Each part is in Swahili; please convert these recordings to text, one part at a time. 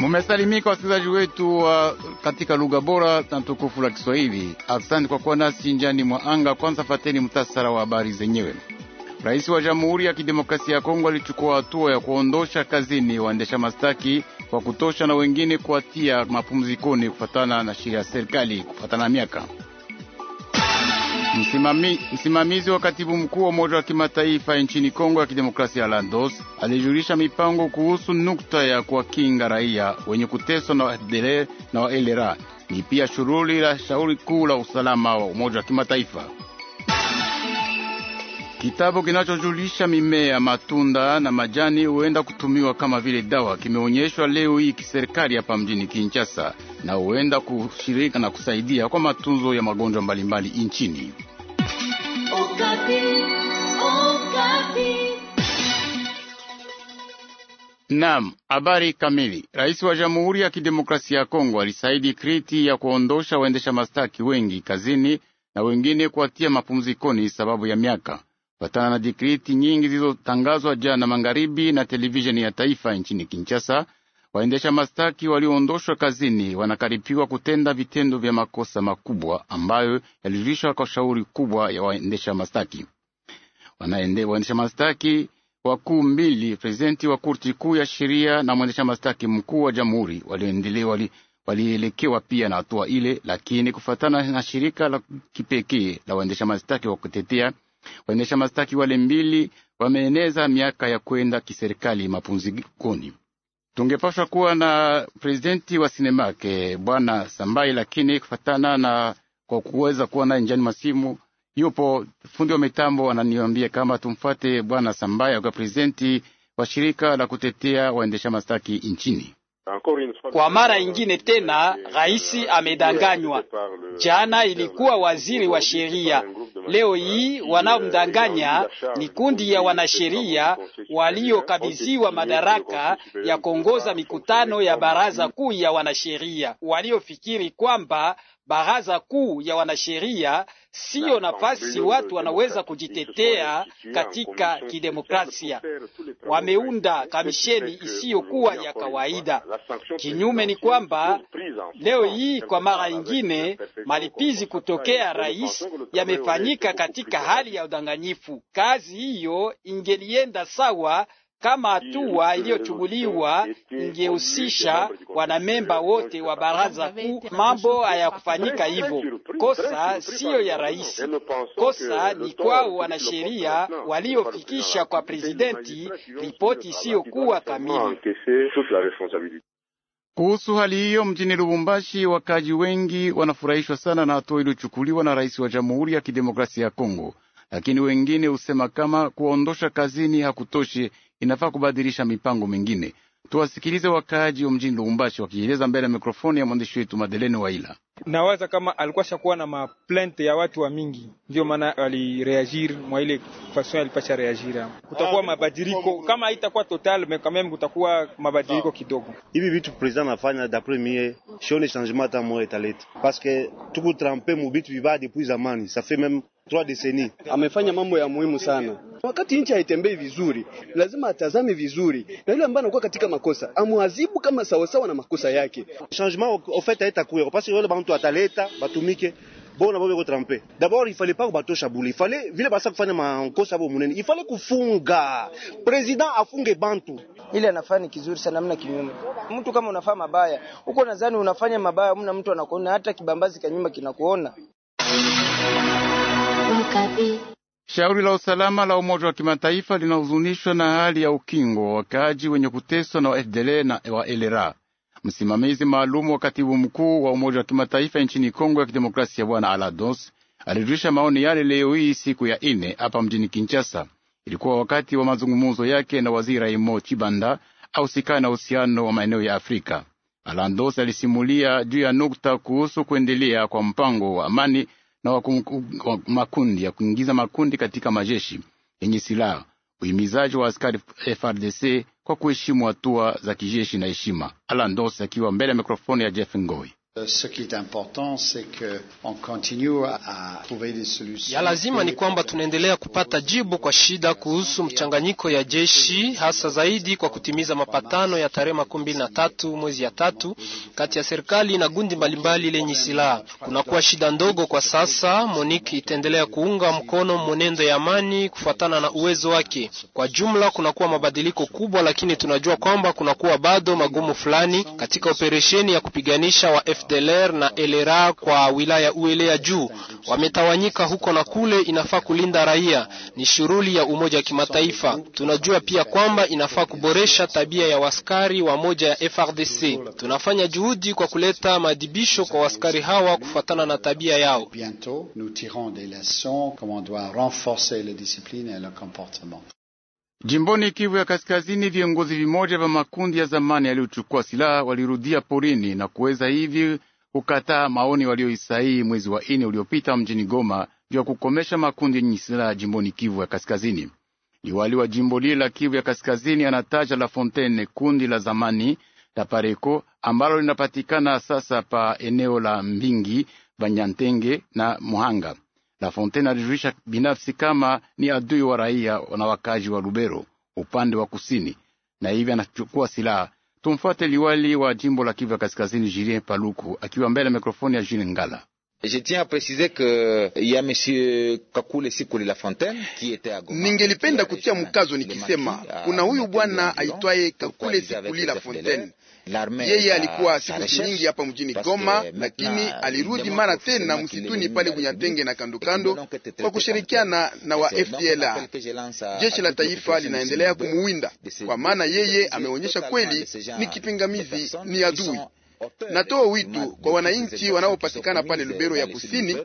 Mumesalimika wasikilizaji wetu wa katika lugha bora na tukufu la Kiswahili. Asante kwa kuwa nasi njani mwa anga. Kwanza fateni mtasara wa habari zenyewe. Rais wa Jamhuri ya Kidemokrasia ya Kongo alichukua hatua ya kuondosha kazini waendesha mastaki wa kutosha na wengine kuwatia mapumzikoni kufatana na sheria ya serikali kufatana na miaka Msimami, msimamizi wa katibu mkuu wa Umoja wa Kimataifa nchini Kongo ya Kidemokrasia Landos alijulisha mipango kuhusu nukta ya kuwakinga raia wenye kuteswa na wadelee na waelera ni pia shughuli la shauri kuu la usalama wa Umoja wa Kimataifa. Kitabu kinachojulisha mimea, matunda na majani huenda kutumiwa kama vile dawa kimeonyeshwa leo hii kiserikali hapa mjini Kinshasa na huenda kushirika na kusaidia kwa matunzo ya magonjwa mbalimbali nchini. Naam, habari kamili. Rais wa Jamhuri ya Kidemokrasia ya Kongo alisaidi kriti ya kuondosha waendesha mastaki wengi kazini na wengine kuwatia mapumzikoni sababu ya miaka, patana na dikriti nyingi zilizotangazwa jana magharibi na televisheni ya taifa nchini Kinshasa. Waendesha mastaki walioondoshwa kazini wanakaripiwa kutenda vitendo vya makosa makubwa ambayo yalijulishwa kwa shauri kubwa ya waendesha mastaki. Wanaende, waendesha mastaki wakuu mbili, prezidenti wa kurti kuu ya sheria na mwendesha mastaki mkuu wa jamhuri walielekewa wali pia na hatua ile, lakini kufuatana na shirika la kipekee la waendesha mastaki wa kutetea waendesha mastaki wale mbili wameeneza miaka ya kwenda kiserikali mapumzikoni tungepashwa kuwa na prezidenti wa Sinemake bwana Sambai, lakini kufatana na kwa kuweza kuwa naye njani masimu yupo fundi wa mitambo ananiambia kama tumfuate bwana Sambai kwa prezidenti wa shirika la kutetea waendesha mastaki nchini. Kwa mara ingine tena rais amedanganywa. Jana ilikuwa waziri wa sheria, Leo hii wanaomdanganya ni kundi ya wanasheria waliokabidhiwa madaraka ya kuongoza mikutano ya baraza kuu ya wanasheria waliofikiri kwamba baraza kuu ya wanasheria siyo nafasi watu wanaweza kujitetea katika kidemokrasia. Wameunda kamisheni isiyokuwa ya kawaida. Kinyume ni kwamba leo hii kwa mara nyingine malipizi kutokea rais yamefanyika katika hali ya udanganyifu. Kazi hiyo ingelienda sawa kama hatua iliyochukuliwa ingehusisha wanamemba wote wa baraza kuu, mambo hayakufanyika hivyo. Kosa siyo ya rais, kosa ni kwao wanasheria waliofikisha kwa presidenti ripoti isiyokuwa kamili. Kuhusu hali hiyo mjini Lubumbashi, wakaji wengi wanafurahishwa sana na hatua iliyochukuliwa na rais wa Jamhuri ya Kidemokrasia ya Kongo, lakini wengine husema kama kuwaondosha kazini hakutoshi inafaa kubadilisha mipango mingine. Tuwasikilize wakaaji wa mjini Lubumbashi wakieleza mbele ya mikrofoni ya mwandishi wetu Madeleni Waila. Nawaza kama alikuwa shakuwa na maplente ya watu wa mingi, ndio maana alireagir mwa ile fason alipasha reagir. Kutakuwa mabadiliko kama haitakuwa total me kameme, kutakuwa mabadiliko kidogo. Hivi vitu president anafanya dapres mie shone changement hata moya italeta, parce que tuku trampe mu bitu vibaya depuis zamani ça fait trois decennies. Amefanya mambo ya muhimu sana. Wakati nchi haitembei vizuri, lazima atazame vizuri, na yule ambaye anakuwa katika makosa amwadhibu kama sawasawa na makosa yake. Changement au fait haitakuwa parce que wale bantu ataleta batumike bona bobe ko trampe d'abord il fallait pas ko batosha bule il fallait vile basa kufanya makosa bo munene il fallait kufunga president afunge bantu ile anafanya kizuri sana namna kinyume. Mtu kama unafanya mabaya huko, nadhani unafanya mabaya, mna mtu anakuona, hata kibambazi kanyuma kinakuona. Shauri la usalama la Umoja wa Kimataifa linahuzunishwa na hali ya ukingo wa wakaaji wenye kuteswa na FDL na wa LRA. Msimamizi maalumu wa katibu mkuu wa Umoja wa Kimataifa nchini Kongo ya Kidemokrasia, Bwana Alados alirudisha maoni yale leo hii siku ya ine hapa mjini Kinshasa. Ilikuwa wakati wa mazungumzo yake na waziri Raimo Chibanda ausikana na uhusiano wa maeneo ya Afrika. Alandos alisimulia juu ya nukta kuhusu kuendelea kwa mpango wa amani na wa makundi ya kuingiza makundi katika majeshi yenye silaha, uhimizaji wa askari FRDC kwa kuheshimu hatua za kijeshi na heshima. Alan akiwa mbele ya mikrofoni ya Jeff Ngoi. Ya lazima ni kwamba tunaendelea kupata jibu kwa shida kuhusu mchanganyiko ya jeshi hasa zaidi kwa kutimiza mapatano ya tarehe makumi mbili na tatu mwezi ya tatu kati ya serikali na gundi mbalimbali lenye silaha. Kunakuwa shida ndogo kwa sasa. Monique itaendelea kuunga mkono mwenendo ya amani kufuatana na uwezo wake. Kwa jumla, kunakuwa mabadiliko kubwa, lakini tunajua kwamba kunakuwa bado magumu fulani katika operesheni ya kupiganisha wa F FDLR na LRA kwa wilaya Uele ya juu wametawanyika huko na kule. Inafaa kulinda raia, ni shughuli ya Umoja wa Kimataifa. Tunajua pia kwamba inafaa kuboresha tabia ya waskari wa moja ya FRDC. Tunafanya juhudi kwa kuleta maadhibisho kwa waskari hawa kufuatana na tabia yao. Jimboni Kivu ya Kaskazini, viongozi vimoja vya makundi ya zamani yaliyochukua silaha walirudia porini na kuweza hivi kukataa maoni walioisahihi mwezi wa ine uliopita mjini Goma juu ya kukomesha makundi yenye silaha jimboni Kivu ya Kaskazini. Liwali wa jimbo lile la Kivu ya Kaskazini anataja La Fontaine, kundi la zamani la Pareko ambalo linapatikana sasa pa eneo la Mbingi, Banyantenge na Muhanga. La Fontaine alijulisha binafsi kama ni adui wa raia na wakaji wa Lubero upande wa kusini, na hivi anachukua silaha. Tumfuate liwali wa jimbo la Kivu Kaskazini, Julien Paluku, akiwa mbele ya mikrofoni ya Julien Ngala. Ningelipenda kutia mkazo nikisema kuna huyu bwana aitwaye Kakule Sikuli La Fontaine yeye alikuwa siku nyingi hapa mjini Goma, lakini alirudi mara tena msituni pale Bunyatenge na kandokando kwa kushirikiana na wa FDLR. Jeshi la taifa linaendelea kumuwinda, kwa maana yeye ameonyesha kweli ni kipingamizi, ni adui. Natoa wito kwa wananchi wanaopatikana pale Lubero ya kusini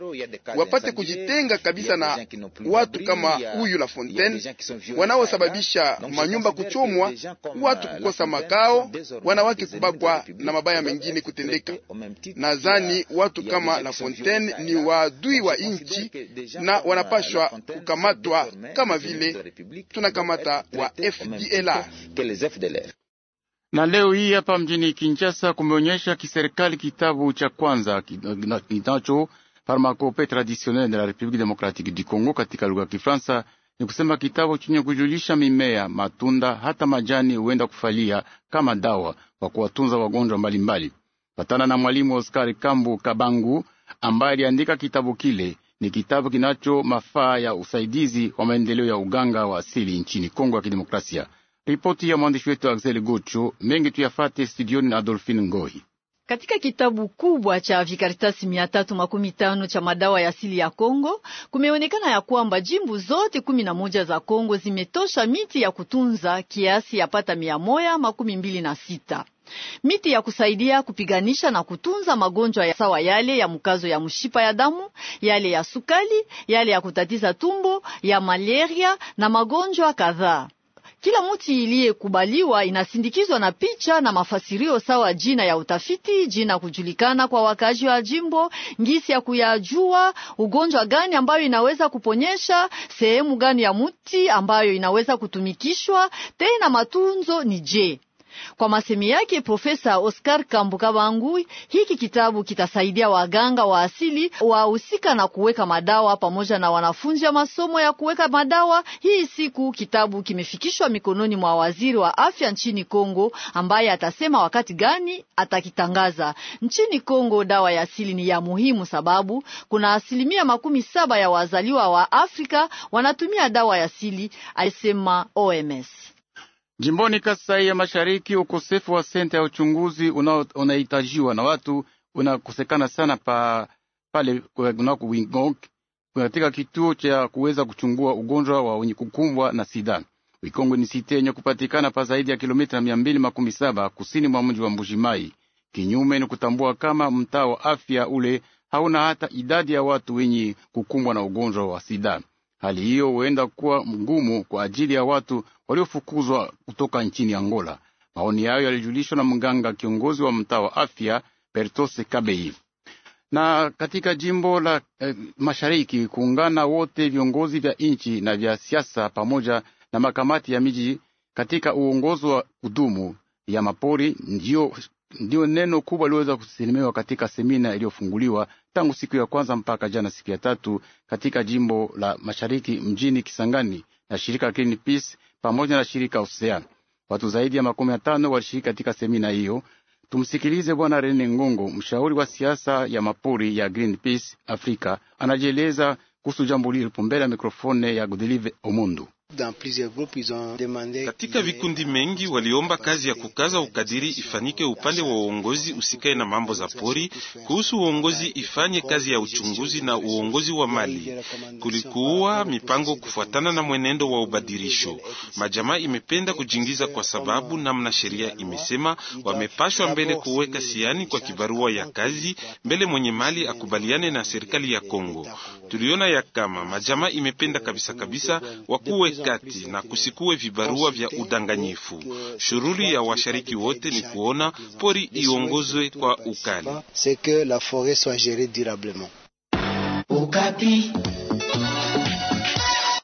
wapate kujitenga kabisa na watu kama huyu La Fontaine, wanaosababisha manyumba kuchomwa, watu kukosa makao, wanawake kubakwa na mabaya mengine kutendeka. Nadhani watu kama La Fontaine ni waadui wa nchi na wanapashwa kukamatwa kama vile tunakamata wa FDLR na leo hii hapa mjini Kinshasa kumeonyesha kiserikali kitabu cha kwanza kinacho Pharmacopée traditionnelle de la République démocratique du Congo katika lugha ya Kifaransa, ni kusema kitabu chenye kujulisha mimea, matunda, hata majani huenda kufalia kama dawa kwa kuwatunza wagonjwa mbalimbali. Patana na mwalimu oscar Kambu Kabangu ambaye aliandika kitabu kile. Ni kitabu kinacho mafaa ya usaidizi wa maendeleo ya uganga wa asili nchini Kongo ya Kidemokrasia. Ripoti ya mwandishi wetu Axel Gocho, mengi tuyafate studioni na Adolfine Ngoi. Katika kitabu kubwa cha vikaratasi mia tatu makumi tano cha madawa ya asili ya Kongo kumeonekana ya kwamba jimbo zote kumi na moja za Kongo zimetosha miti ya kutunza kiasi ya pata mia moja makumi mbili na sita miti ya kusaidia kupiganisha na kutunza magonjwa ya sawa yale ya mkazo ya mshipa ya damu, yale ya sukali, yale ya kutatiza tumbo, ya malaria na magonjwa kadhaa. Kila muti iliyekubaliwa inasindikizwa na picha na mafasirio sawa jina ya utafiti, jina kujulikana kwa wakaji wa jimbo, ngisi ya kuyajua ugonjwa gani ambayo inaweza kuponyesha, sehemu gani ya muti ambayo inaweza kutumikishwa, tena matunzo ni je kwa masemi yake Profesa Oscar Kambuka Bangui, hiki kitabu kitasaidia waganga wa asili wahusika na kuweka madawa pamoja na wanafunzi wa masomo ya kuweka madawa. Hii siku kitabu kimefikishwa mikononi mwa waziri wa afya nchini Kongo, ambaye atasema wakati gani atakitangaza nchini Kongo. Dawa ya asili ni ya muhimu sababu kuna asilimia makumi saba ya wazaliwa wa Afrika wanatumia dawa ya asili, alisema OMS. Jimboni Kasai ya Mashariki, ukosefu wa senta ya uchunguzi unahitajiwa una na watu unakosekana sana pa, pale kunako Wingong katika kituo cha kuweza kuchungua ugonjwa wa wenye kukumbwa na sida. Wikongwe ni site yenye kupatikana pa zaidi ya kilomita mia mbili makumi saba kusini mwa mji wa mbujimai Kinyume ni kutambua kama mtaa wa afya ule hauna hata idadi ya watu wenye kukumbwa na ugonjwa wa sida. Hali hiyo huenda kuwa mgumu kwa ajili ya watu waliofukuzwa kutoka nchini Angola. Maoni hayo yalijulishwa na mganga kiongozi wa mtaa wa afya pertose Kabei. Na katika jimbo la eh, mashariki kuungana wote viongozi vya nchi na vya siasa pamoja na makamati ya miji katika uongozi wa kudumu ya mapori ndiyo Ndiyo neno kubwa liweza kusemewa katika semina iliyofunguliwa tangu siku ya kwanza mpaka jana siku ya tatu katika jimbo la mashariki mjini Kisangani na shirika Green Peace pamoja na shirika Osea. Watu zaidi ya makumi matano walishiriki katika semina hiyo. Tumsikilize Bwana Rene Ngongo, mshauri wa siasa ya mapori ya Greenpeace Afrika, anajieleza kuhusu jambo lilipo mbele ya mikrofone ya Godelive Omundu. Katika vikundi mengi waliomba kazi ya kukaza ukadiri ifanyike upande wa uongozi usikae na mambo za pori. Kuhusu uongozi ifanye kazi ya uchunguzi na uongozi wa mali. Kulikuwa mipango kufuatana na mwenendo wa ubadirisho Majamaa imependa kujingiza kwa sababu namna sheria imesema wamepashwa mbele kuweka siani kwa kibarua ya kazi mbele mwenye mali akubaliane na serikali ya Kongo. Tuliona ya kama majamaa imependa kabisa kabisa wakuwe katikati na kusikuwe vibarua vya udanganyifu. shuruli ya washiriki wote ni kuona pori iongozwe kwa ukali. Ukapi.